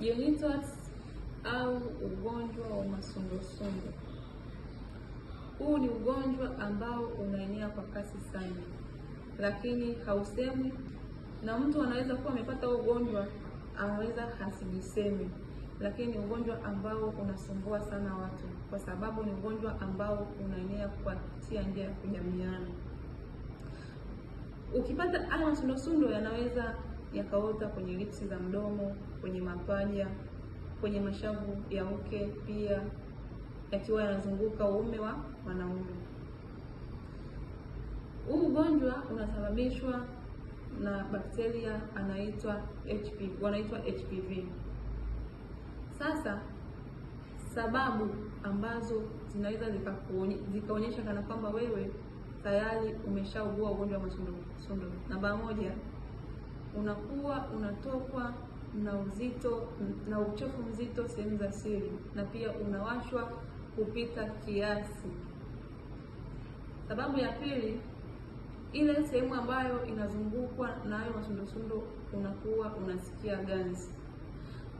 Jelitos au ugonjwa wa masundosundo. Huu ni ugonjwa ambao unaenea kwa kasi sana, lakini hausemwi, na mtu anaweza kuwa amepata ugonjwa anaweza hasijisemi, lakini ni ugonjwa ambao unasumbua sana watu, kwa sababu ni ugonjwa ambao unaenea kupitia njia ya kujamiana. Ukipata haya masundosundo yanaweza yakaota kwenye lipsi za mdomo, kwenye mapaja, kwenye mashavu ya uke, pia yakiwa yanazunguka uume wa mwanaume. Huu ugonjwa unasababishwa na bakteria anaitwa HP, wanaitwa HPV. Sasa sababu ambazo zinaweza zikaonyesha kana kwamba wewe tayari umeshaugua ugonjwa wa masundu sundu, namba moja unakuwa unatokwa na uzito na uchofu mzito sehemu za siri, na pia unawashwa kupita kiasi. Sababu ya pili, ile sehemu ambayo inazungukwa na hayo masundosundo unakuwa unasikia ganzi.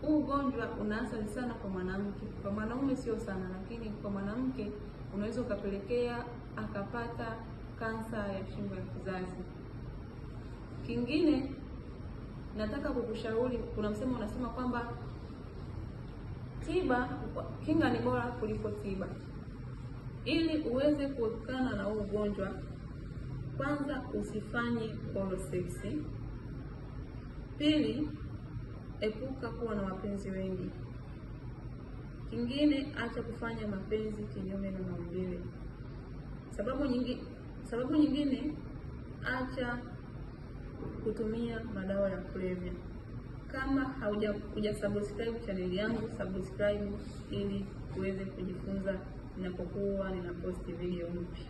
Huu ugonjwa una sana kwa mwanamke, kwa mwanaume sio sana, lakini kwa mwanamke unaweza ukapelekea akapata kansa ya shingo ya kizazi. Kingine nataka kukushauri, kuna msemo unasema kwamba tiba kinga ni bora kuliko tiba. Ili uweze kuepukana na huu ugonjwa, kwanza usifanye sex. Pili, epuka kuwa na wapenzi wengi. Kingine, acha kufanya mapenzi kinyume na maumbile. Sababu nyingi, sababu nyingine acha kutumia madawa ya kulevya. Kama haujakuja subscribe channel yangu, subscribe ili uweze kujifunza ninapokuwa ninaposti video mpya.